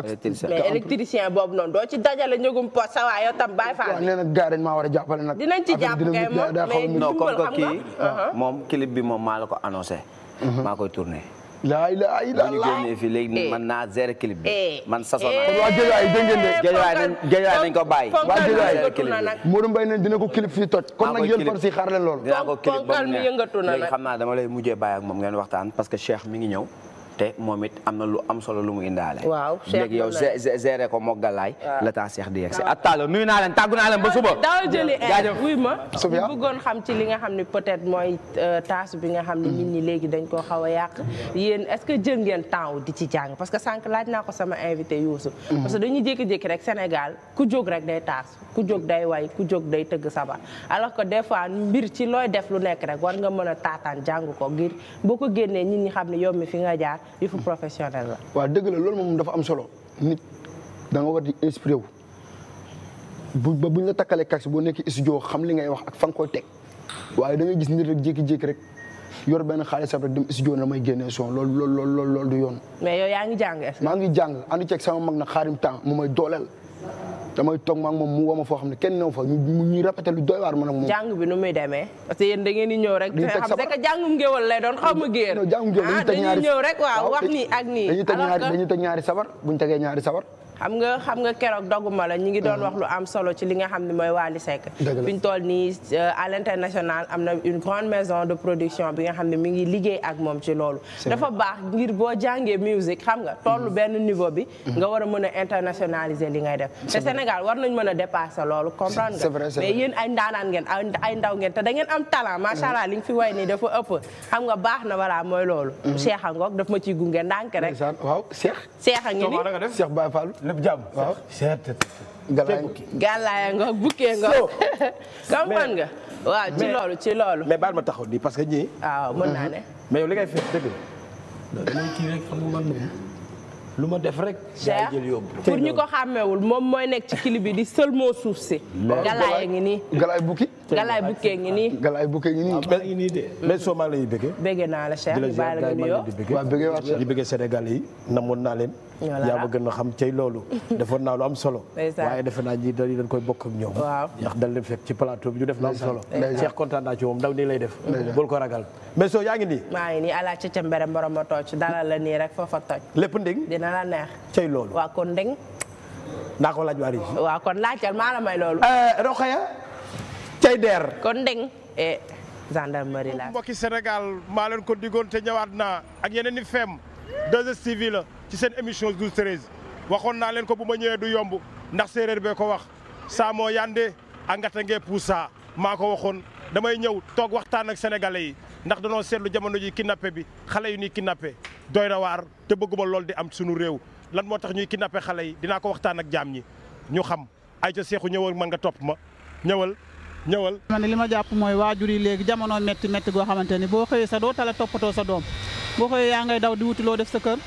ak mais doo ci dajale ñëgum po sa waa tam bàyyi faa. waaw nee na gars dañ a jàppale nag. dinañ ci jàpp non comme uh-huh. bi moom maa ko annoncé. Uh-huh. maa koy laa ilaaha illallaah bu ñu fii léegi eh. man naa zéro clip bi eh. man sasoon naa eh. waa Géejawaay dégg ngeen de Géejawaay nañ ko bàyyi waa Géejawaay Modou Mbaye ne dina ko clip fii toj kon nag yéen far si xaar leen loolu dinaa ko clip ba mu ne léegi xam naa dama lay mujjee bàyyi ak moom ngeen waxtaan parce que Cheikh mi ngi ñëw te moom it am na lu am solo lu mu indaale. waaw léegi yow géré ko moog galaay. la taa seex di yegsi attaalo nuyu naa leen tàggu naa leen ba suba. daaw jëli wuy ma. suba ci li nga xam ne peut-être mooy euh, taas bi nga xam ne nit ñi léegi dañ koo xaw a yàq. yéen est-ce que jël ngeen temps di ci jàng parce que sànq laaj naa ko sama invité Youssou. Mm-hmm. parce que dañuy jékki-jékki rek Sénégal ku jóg rek day taas ku jóg day way ku jóg day tëgg saba alors que des fois mbir ci looy def lu nekk rek war nga mën a taataan jàng ko ngir boo ko génnee nit ñi xam ne yow mi fi nga jaar il yëfu professionnel la. waa dëgg la loolu moom dafa am solo nit da nga war di inspiré wu bu ba buñ la takkalee kax boo nekk studio xam li ngay wax ak fan koy teg waaye da ngay gis nit rek jékki-jékki rek yor benn xaalisam rek dem studio na may génnee son loolu loolu loolu du yoon. mais yow yaa ngi jàng est maa ngi jàng ànd ceeg sama mag na xaarim temps mu may dooleel. damay toog ma ak moom mu woo ma foo xam ne kenn new fa ñu ñuy répété lu doy waar man ak moom. jàng nu muy demee parce que yéen da ngeen di rek. dañuy teg sabar xam ne jàngum ngéwal doon xaw ma géer. non jàngum ngéwal ah, dañuy teg ñaari dañuy ak nii. alors que ñaari sabar bu ñu tegee ñaari sabar xam nga xam nga keroog doguma la ñi ngi doon wax lu am solo ci li nga xam ne mooy Wally Seck fi ñu toll nii euh, à l'international am na une grande maison de production bi nga xam ne mi ngi liggéey ak moom ci loolu dafa baax ngir boo jàngee musique xam nga toll benn niveau bi mm-hmm. nga war a mën a internationaliser li ngay def te Sénégal war nañ mën a dépasser loolu comprendre nga mais yéen ay ndaanaan ngeen ay ndaw ngeen te da ngeen am talent macha allah mm-hmm. li nga fi way nii dafa ëpp xam nga baax na voilà mooy loolu mm-hmm. Cheikh a daf ma ciy gunge ndànk rek waaw Cheikh Cheikh a ngi ni Cheikh lépp jàmm waaw seet gàllaaya nga bukkee nga comprendre nga waaw ci loolu ci loolu mais baal ma taxaw nii parce que ñii waaw ah, mën naa mhm. ne mais lu ma def rek yaa jël yóbbu moom mooy nekk ci clip bi di seulement suuf si galaay ngi nii galaay bukki galaay ngi nii galaay bukkee ngi nii ah, naa la Cheikh di la ziar di bëggee waa bëggee waa di bëggee naa leen yaa ma gën a xam cay loolu defoon naa lu am solo waaye defe naa ñi dañu dañ koy bokk ak ñoom ndax dañ leen fekk ci plateau bi ñu def lu am solo Cheikh kontaan naa ci ndaw nii lay def bul ko ragal mais soo yaa ngi nii maa ngi nii ala ca ca mbere mborom ma tocc dalal la nii rek foofa toj lépp ndéng dina la neex cay loolu waa kon ndéng naa ko laaj waa rigi waaw kon laajal maa la may loolu eh, Rokhaya cay deer kon ndéng eh, gendarmerie la mbokki Sénégal maa ko digoon te ñëwaat naa ak yeneen i feem 2STV la ci seen émission 12 13 waxoon naa leen ko bu ma ñëwee du yomb ndax séeréer bee ko wax saa moo yande a ngata ngee saa maa ko waxoon damay ñëw toog waxtaan ak sénégalais yi ndax danoo seetlu jamono ji kidnappé bi xale yu ñuy kidnappé doy na waar te bëgguma lool di am sunu réew lan moo tax ñuy kidnappé xale yi dinaa ko waxtaan ak jaam ñi ñu xam ay ca seexu ñëwal man nga topp ma ñëwal ñëwal man li ma jàpp mooy waajur yi léegi jamono métti métti goo xamante ni boo xëyee sa doo tala toppatoo sa doom boo xëyee yaa ngay daw di wuti loo def sa kër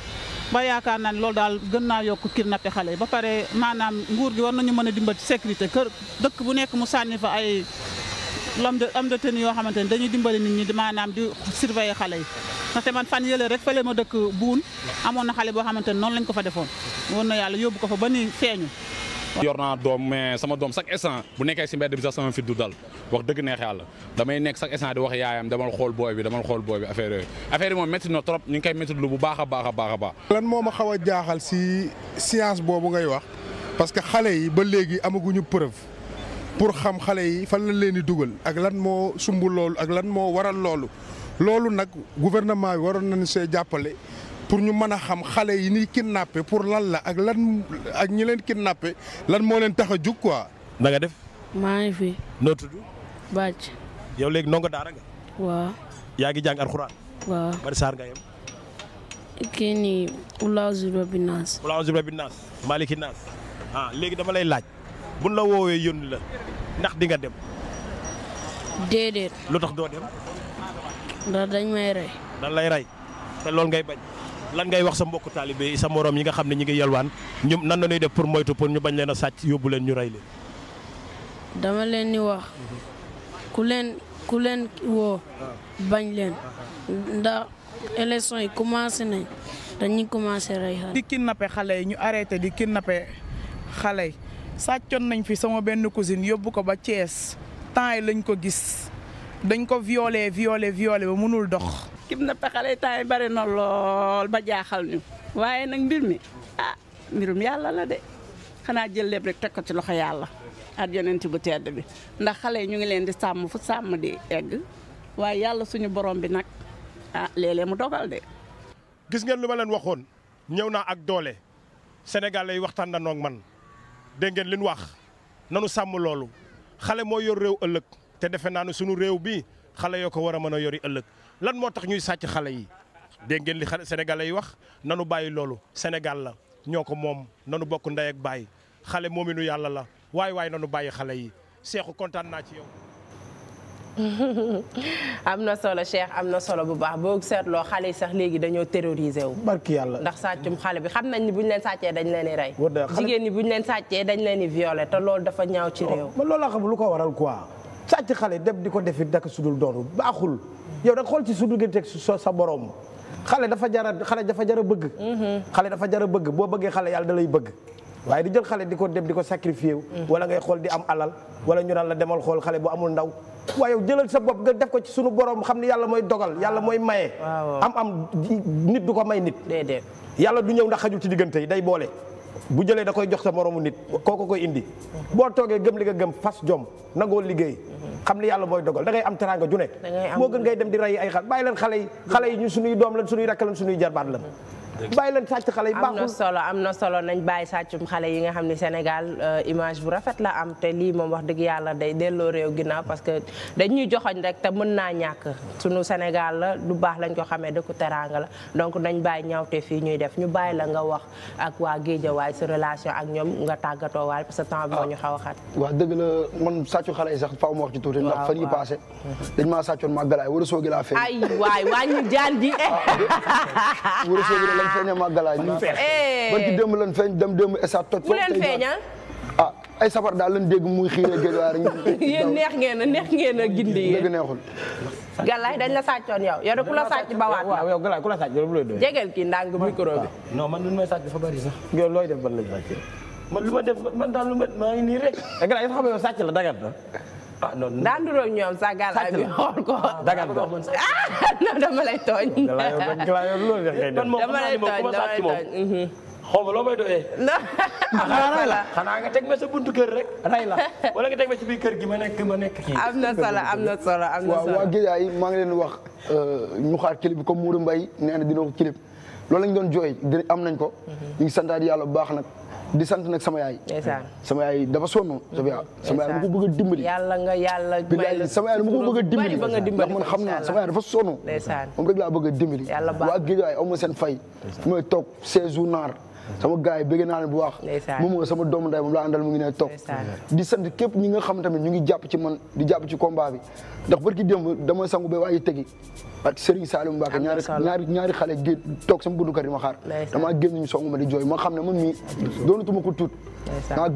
ba yaakaar naa ne loolu daal gën naa yokk kidnappé xale yi ba pare maanaam nguur gi war nañu mën a dimbali ci sécurité kër dëkk bu nekk mu sànni fa ay lom de am de yoo xamante ne dañuy dimbali nit ñi maanaam di surveiller xale yi ndaxte man fan yële rek fële ma dëkk buun amoon na xale boo xamante ne noonu lañ ko fa defoon woon na yàlla yóbbu ko fa ba ni feeñu yor naa doom mais sama doom chaque instant bu nekkee si mbedd bi sax sama fit dal wax dëgg neex yàlla damay nekk chaque instant di wax yaayam damal xool booy bi xool booy bi affaire yooyu affaire yi moom métti na trop ñu ngi koy métti lu bu baax a baax a baax a baax lan moo ma xaw a jaaxal si science boobu ngay wax parce que xale yi ba léegi amaguñu preuve pour xam xale yi fan lañ leen di dugal ak lan moo sumb loolu ak lan moo waral loolu loolu nag gouvernement bi waroon nañ see jàppale pour ñu mën a xam xale yi ni kidnappé pour lan la ak lan ak ñi leen kidnappé lan moo leen tax a jug quoi. na def. maa ngi fi. noo tudd. yow léegi ndongo daara yaa ngi jàng alxuraan. waaw bari saar nga yem. kii nii Ulaazu Rabbi Naas. Ulaazu Rabbi Naas. Maliki Naas. Ah, léegi dama lay laaj. buñ la woowee yónni la ndax di nga dem. déedéet. lu tax doo dem. ndax dañ may rey. dañ lay rey te loolu ngay bañ. lan ngay wax sa mbokku taalibe sa moroom yi nga xam ne ñu ngi yalwaan ñu nan la ñuy def pour moytu pour ñu bañ leen a sàcc yóbbu leen ñu rey leen. dama leen ni wax ku leen ku leen woo bañ leen ndax élection yi commencé nañ dañuy commencé rey xale. di kidnappé xale yi ñu arrêté di kidnappé xale yi sàccoon nañ fi sama benn cousine yóbbu ko ba Thiès temps yi lañ ko gis dañ ko viole viole viole ba mënul dox. kim na pexale temps yi bari na lool ba jaaxal ñu waaye nag mbir mi ah mbirum yàlla la de xanaa jël lépp rek teg ko ci loxo yàlla at yonent bu tedd bi ndax xale yi ñu ngi leen di sàmm fu sàmm di egg waaye yàlla suñu borom bi nag a ah, léeg mu dogal de. gis ngeen lu ma leen waxoon ñëw naa ak doole sénégalais yi waxtaan nañoo ak man dégg ngeen li ñu wax nanu sàmm loolu xale moo yor réew ëllëg te defe naa ne sunu réew bi xale yoo ko war a mën a yori ëllëg. lan moo tax ñuy sàcc xale yi dégg li xale sénégalais yi wax nanu bàyyi loolu Sénégal la ñoo ko moom nanu bokk ndey bàyyi xale moominu yàlla la waaye waaye nanu bàyyi xale yi seexu kontaan naa ci yow. am na solo Cheikh am na solo bu baax boo seetloo xale yi sax léegi dañoo terrorisé wu. barki yàlla ndax sàccum xale bi xam nañ ni bu ñu leen sàccee dañ leen di rey. jigéen ni bu ñu leen sàccee dañ leen di violé te loolu dafa ñaaw ci oh, réew. man loolu laa lu ko waral quoi sàcc xale dem di ko defi daka sudul doonu baaxul. yow da xool ci su digganteeg sa borom xale dafa jara xale dafa jara bëgg mm-hmm. xale dafa jara bëgg boo bëggee xale yàlla da lay bëgg waaye di jël xale di ko dem di ko sacrifié wu mm-hmm. wala ngay xool di am alal wala ñunaan la demal xool xale bu amul ndaw waaye jëlal sa bopp nga def ko ci sunu borom xam ni yàlla mooy dogal yàlla mooy maye am am nit du ko may nit déedéet yàlla du ñëw ndax xajul ci diggante yi day boole bu jëlee da koy jox sa moromu nit kooko koy indi boo toogee gëm li nga gëm fas jom nangoo liggéey xam li yàlla booy dogal da ngay am teraanga ju ne moo gën gay dem di rey ay xal bàyyi leen xale yi mm-hmm. xale yi ñu suñuy doom lan suñuy rakk lan suñuy jarbaat lan bàyyi solo am na solo yi nga xam ne Sénégal euh, image bu rafet la am te lii moom wax dëgg yàlla day delloo réew ginnaaw parce que dañuy joxoñ rek te naa ñàkk sunu Sénégal la lu baax lañ ko xamee da dëkku teraanga la donc nañ bàyyi ñaawte fii ñuy def ñu bàyyi la nga wax ak waa Géejawaay sa relation ak ñoom nga tàggatoo waay parce que temps ñu xaw a xat ah, waaw dëgg la man sàccu xale yi sax faaw ma wax ci tuuti ndax fan yi passé dañ maa sàccoon ma galaay war a fee feeñee Magalhañ. ñu ngi feeñ eh. barki démb lan feeñ dem démb Esat toj. foofu tey feeñal a ah, ay sabar daal lan dégg muy xiiree géej waaye rek. neex ngeen a neex ngeen a gindi yéen dëgg neexul. Galaye dañ la sàccoon yow yow de ku la sàcc ba waat waaw yow Galaye ku la sàcc yow bu lay doy. jegeel ndànk micro bi. non man lu may sàcc sax. yow looy def ban lañ sàcc man lu ma def man nii rek. Eh, Galaye yow xam nga yow sàcc la dagat ah non non daan duloon ñoom sax gàllankoor bi xool ko. Ah, dagal ko ah non dama lay tooñ. dama lay tooñ xaw ma loo may doyee. Ah, xanaa la xanaa nga teg ma sa buntu kër rek ray la wala nga teg ma ci biir kër gi ma nekk ma nekk kii. am na solo am na solo am na solo waaw waa Géejaay maa ngi leen wax. Euh, ñu xaar clip bi comme Mourou Mbaye nee na dina ko clip loolu lañ doon jooy am nañ ko. Mhm. ñu ngi santaat yàlla bu baax nag. di sant nag sama yaay. sama yaay dafa sonn. sama yaay dama ko bëgg a dimbali. yàlla nga yàlla may la sama yaay dama ko bëgg a xam naa sama yaay dafa sonn. moom rek laa bëgg a dimbali. waa Guédiawaye aw ma seen fay. fu may toog naar. sama gars yi bëgg naa ne bu baax. moom moo sama doomu nday moom laa àndal mu ngi ne toog. di sant képp ñi nga xam tamit ñu ngi jàpp ci man di jàpp ci combat bi ndax barki démb dama sangu ba waaye tegi ak Serigne Saloum a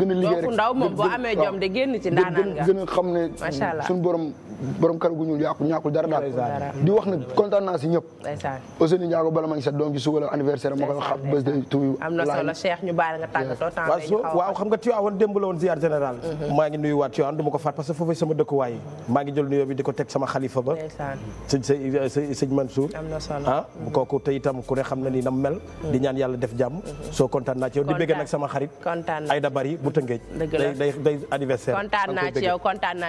liggéey rek ndaw moom boo amee jom de génn ci ndaanaan nga gën borom borom gu ñuul yàqu ñàkkul dara daal di wax nag kontaan naa si ñëpp Ousseynou Ndiago bala ma ngi sa doom ci suba la anniversaire ma koy xam bés de tuuti nga tàggatoo temps waaw xam nga Tivaouane démb la woon mhm. ma ko faat parce que foofu sama dëkkuwaay maa ngi jël nuyoo bi di ko teg sama xalifa ba sëñ Mansour ah kooku te itam ku ne xam na ni nam mel di ñaan yàlla def jàmm mm-hmm. soo kontaan naa ci di bëgg nag sama xarit Aïda Bari bu Tëngéej day day anniversaire kontaan naa ci yow kontaan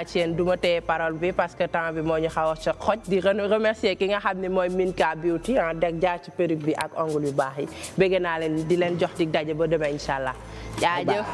parole bi parce que temps bi moo xaw a di remercier ki nga xam ne mooy Minka Beauty ah jaar ci perruque bi ak ongle yu baax yi bëgg naa leen di leen jox daje ba demee incha allah jaajëf